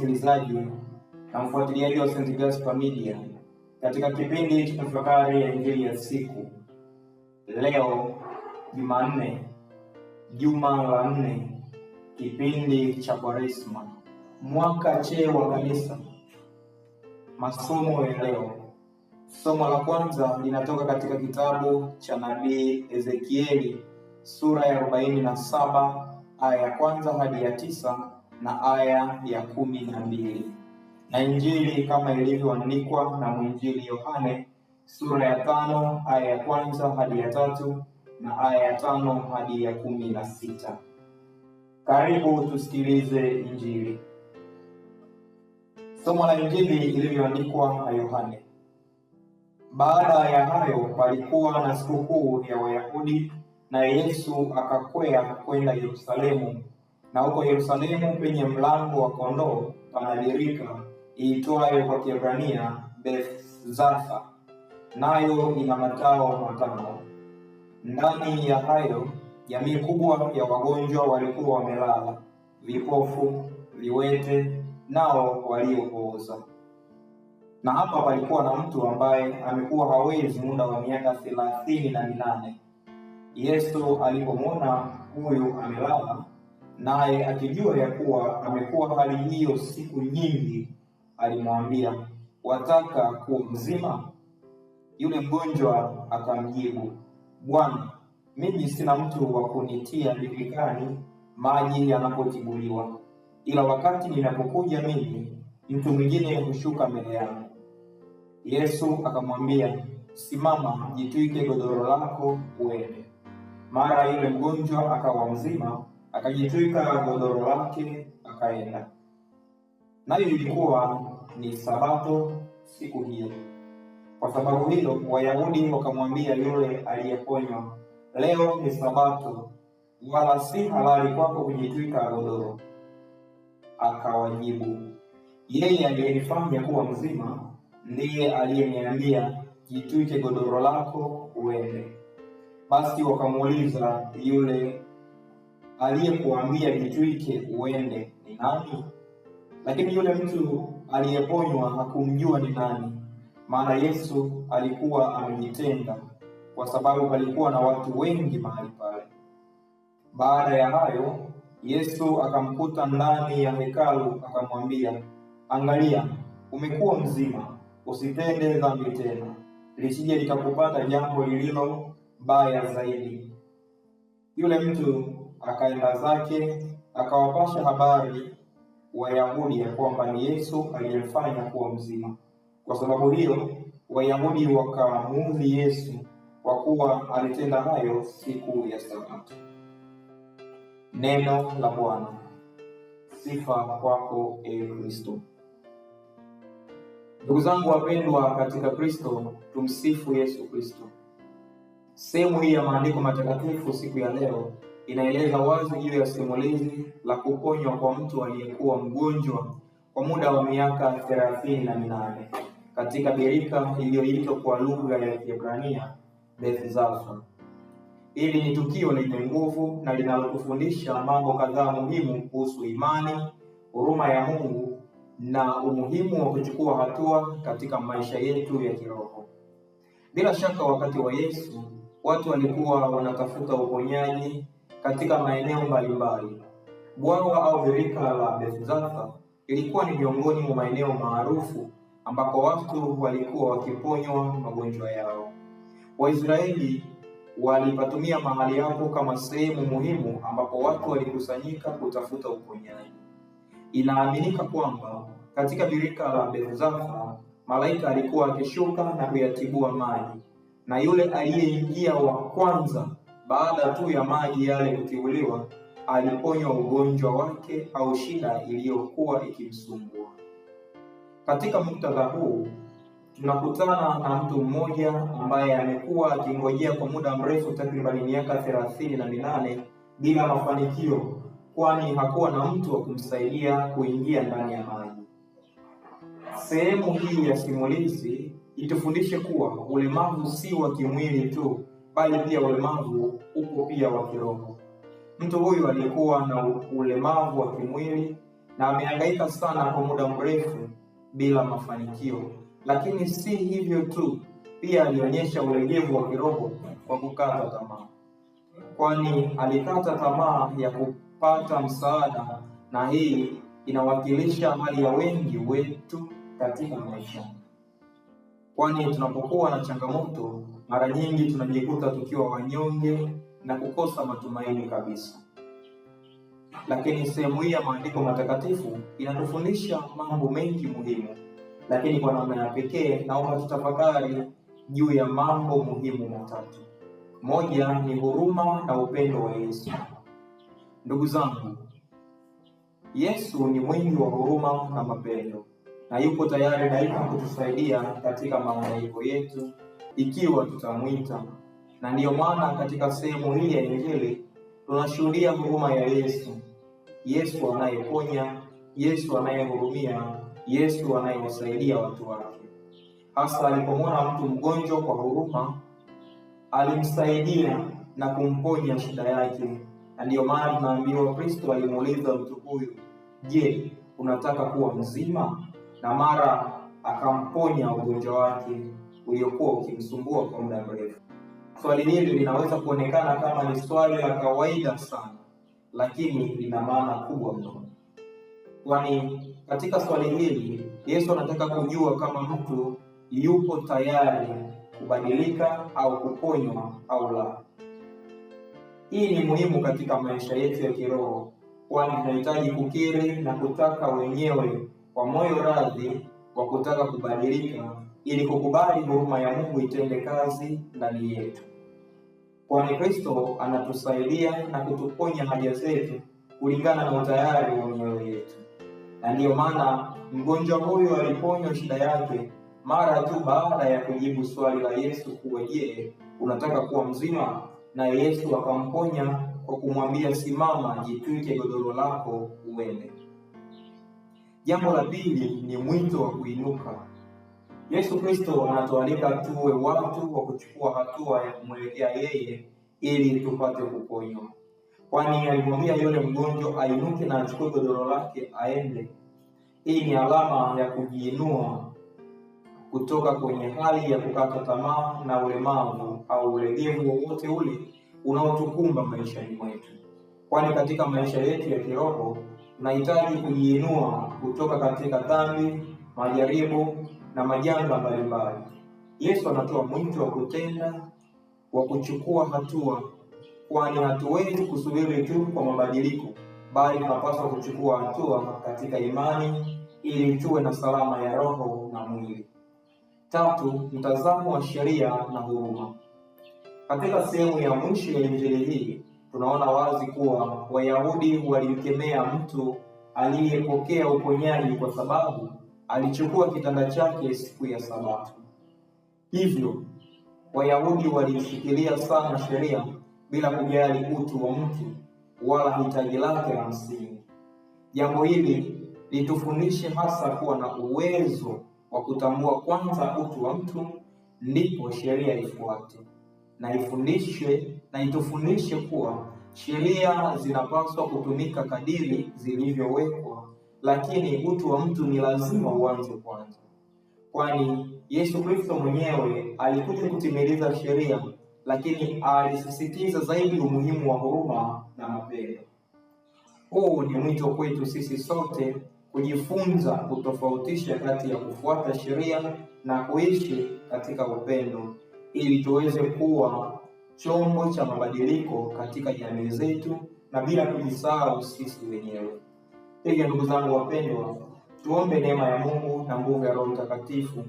msikilizaji na mfuatiliaji wa St. Gaspar Media katika kipindi cha tafakari ya injili ya siku leo, Jumanne, juma la nne, kipindi cha Kwaresma, mwaka C wa Kanisa. Masomo ya leo, somo la kwanza linatoka katika kitabu cha nabii Ezekieli sura ya 47 aya ya kwanza hadi ya tisa na aya ya kumi na mbili na Injili kama ilivyoandikwa na mwinjili Yohane sura ya tano aya ya kwanza hadi ya tatu na aya ya tano hadi ya kumi na sita. Karibu tusikilize Injili. Somo la Injili ilivyoandikwa na Yohane. Baada ya hayo, palikuwa na sikukuu ya Wayahudi, na Yesu akakwea kwenda Yerusalemu na huko Yerusalemu penye mlango wa kondoo pana birika iitwayo kwa Kiebrania Bethzatha, nayo ina matao matano. Ndani ya hayo jamii kubwa ya wagonjwa walikuwa wamelala, vipofu, viwete, nao waliopooza. Na hapa palikuwa na mtu ambaye amekuwa hawezi muda wa miaka thelathini na minane. Yesu alipomwona huyu amelala naye akijua ya kuwa amekuwa hali hiyo siku nyingi, alimwambia, wataka kuwa mzima? Yule mgonjwa akamjibu, Bwana, mimi sina mtu wa kunitia birikani maji yanapotibuliwa, ila wakati ninapokuja mimi, mtu mwingine hushuka mbele yangu. Yesu akamwambia, simama, jitwike godoro lako uende. Mara yule mgonjwa akawa mzima akajitwika godoro lake akaenda. Nayo ilikuwa ni Sabato siku hiyo. Kwa sababu hilo, Wayahudi wakamwambia yule aliyeponywa, leo ni Sabato, wala si halali kwako kujitwika godoro. Akawajibu, yeye aliyenifanya kuwa mzima ndiye aliyeniambia, jitwike godoro lako uende. Basi wakamuuliza yule aliyekuambia nitwike uende ni nani? Lakini yule mtu aliyeponywa hakumjua ni nani, maana Yesu alikuwa amejitenga, kwa sababu palikuwa na watu wengi mahali pale. Baada ya hayo, Yesu akamkuta ndani ya hekalu, akamwambia, angalia, umekuwa mzima, usitende dhambi tena, lisije likakupata jambo lililo baya zaidi. Yule mtu akaenda zake akawapasha habari Wayahudi ya kwamba ni Yesu aliyemfanya kuwa mzima. Kwa sababu hiyo Wayahudi wakamuudhi Yesu kwa kuwa alitenda hayo siku ya Sabato. Neno la Bwana. Sifa kwako e Kristo. Ndugu zangu wapendwa katika Kristo, tumsifu Yesu Kristo. Sehemu hii ya maandiko matakatifu siku ya leo inaeleza wazi juu ya simulizi la kuponywa kwa mtu aliyekuwa mgonjwa kwa muda wa miaka thelathini na minane katika birika iliyoitwa kwa lugha ya Kiebrania Bethzathu. Hili ni tukio lenye nguvu na linalotufundisha mambo kadhaa muhimu kuhusu imani, huruma ya Mungu na umuhimu wa kuchukua hatua katika maisha yetu ya kiroho. Bila shaka, wakati wa Yesu watu walikuwa wanatafuta uponyaji katika maeneo mbalimbali. Bwawa au birika la Bethzatha ilikuwa ni miongoni mwa maeneo maarufu ambako watu walikuwa wakiponywa magonjwa yao. Waisraeli walipatumia mahali hapo kama sehemu muhimu ambapo watu walikusanyika kutafuta uponyaji. Inaaminika kwamba katika birika la Bethzatha malaika alikuwa akishuka na kuyatibua maji, na yule aliyeingia wa kwanza baada tu ya maji yale kutiuliwa, aliponywa ugonjwa wake au shida iliyokuwa ikimsumbua. Katika muktadha huu tunakutana na mtu mmoja ambaye amekuwa akingojea kwa muda mrefu, takribani miaka thelathini na minane bila mafanikio, kwani hakuwa na mtu wa kumsaidia kuingia ndani ya maji. Sehemu hii ya simulizi itufundishe kuwa ulemavu si wa kimwili tu bali pia ulemavu upo pia wa kiroho. Mtu huyu alikuwa na ulemavu wa kimwili na amehangaika sana kwa muda mrefu bila mafanikio, lakini si hivyo tu, pia alionyesha ulegevu wa kiroho kwa kukata tamaa, kwani alikata tamaa ya kupata msaada, na hii inawakilisha hali ya wengi wetu katika maisha kwani tunapokuwa na changamoto mara nyingi tunajikuta tukiwa wanyonge na kukosa matumaini kabisa. Lakini sehemu hii ya maandiko matakatifu inatufundisha mambo mengi muhimu, lakini kwa namna ya pekee naomba tutafakari juu ya mambo muhimu matatu. Moja ni huruma na upendo wa Yesu. Ndugu zangu, Yesu ni mwingi wa huruma na mapendo na yupo tayari daima kutusaidia katika mahangaiko yetu ikiwa tutamwita. Na ndiyo maana katika sehemu hii ya Injili tunashuhudia huruma ya Yesu, Yesu anayeponya, Yesu anayehurumia, Yesu anayewasaidia watu wake. Hasa alipomwona mtu mgonjwa kwa huruma, alimsaidia na kumponya shida yake. Na ndiyo maana tunaambiwa Kristo alimuuliza mtu huyu, je, unataka kuwa mzima? na mara akamponya ugonjwa wake uliokuwa ukimsumbua kwa muda mrefu. Swali hili linaweza kuonekana kama ni swali la kawaida sana, lakini lina maana kubwa mno, kwani katika swali hili Yesu anataka kujua kama mtu yupo tayari kubadilika au kuponywa au la. Hii ni muhimu katika maisha yetu ya kiroho, kwani tunahitaji kukiri na kutaka wenyewe kwa moyo radhi wa kutaka kubadilika ili kukubali huruma ya Mungu itende kazi ndani yetu, kwani Kristo anatusaidia na kutuponya haja zetu kulingana na utayari wa mioyo yetu. Na ndiyo maana mgonjwa huyo aliponywa shida yake mara tu baada ya kujibu swali la Yesu kuwa je, unataka kuwa mzima? Na Yesu akamponya kwa kumwambia simama, jitwike godoro lako uende. Jambo la pili ni mwito wa kuinuka. Yesu Kristo anatualika tuwe watu wa kuchukua hatua ya kumwelekea yeye ili tupate kuponywa, kwani alimwambia yule mgonjwa ainuke na achukue godoro lake aende. Hii ni alama ya kujiinua kutoka kwenye hali ya kukata tamaa na ulemavu au ulegevu wowote ule unaotukumba maishani mwetu, kwani katika maisha yetu ya kiroho tunahitaji kujiinua kutoka katika dhambi, majaribu na majanga mbalimbali. Yesu anatoa mwito wa kutenda, wa kuchukua hatua, kwani hatuwezi kusubiri tu kwa mabadiliko, bali tunapaswa kuchukua hatua katika imani ili tuwe na salama ya roho na mwili. Tatu, mtazamo wa sheria na huruma. Katika sehemu ya mwisho ya injili hii tunaona wazi kuwa Wayahudi walimkemea mtu aliyepokea uponyaji kwa sababu alichukua kitanda chake siku ya Sabato. Hivyo Wayahudi waliishikilia sana sheria bila kujali utu wa mtu wala hitaji lake la msingi. Jambo hili litufundishe hasa kuwa na uwezo wa kutambua kwanza utu wa mtu, ndipo sheria ifuate na ifundishwe na itufundishe kuwa sheria zinapaswa kutumika kadiri zilivyowekwa, lakini utu wa mtu ni lazima uanze kwanza, kwani Yesu Kristo mwenyewe alikuja kutimiliza sheria, lakini alisisitiza zaidi umuhimu wa huruma na mapendo. Huu ni mwito kwetu sisi sote kujifunza kutofautisha kati ya kufuata sheria na kuishi katika upendo ili tuweze kuwa chombo cha mabadiliko katika jamii zetu na bila kujisahau sisi wenyewe. Hivyo ndugu zangu wapendwa, tuombe neema ya Mungu na nguvu ya Roho Mtakatifu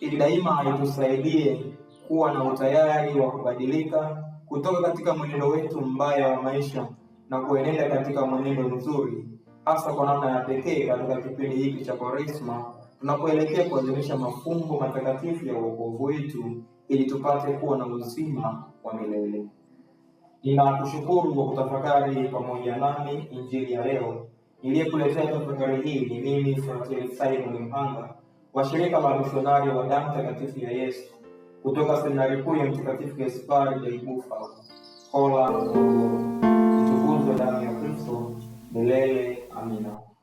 ili daima itusaidie kuwa na utayari wa kubadilika kutoka katika mwenendo wetu mbaya wa maisha na kuenenda katika mwenendo mzuri, hasa kwa namna ya pekee katika kipindi hiki cha Kwaresma tunapoelekea kuadhimisha mafungo matakatifu ya wokovu wetu ili tupate kuwa na uzima wa milele. Ninakushukuru kwa kutafakari pamoja nami injili ya leo. Niliyekuletea tafakari hii ni mimi Frateli Simon Mhanga wa shirika la misionari wa damu takatifu ya Yesu kutoka seminari kuu ya Mtakatifu Gaspari del Bufalo Kola. Itukuzwe damu ya Kristo milele! Amina.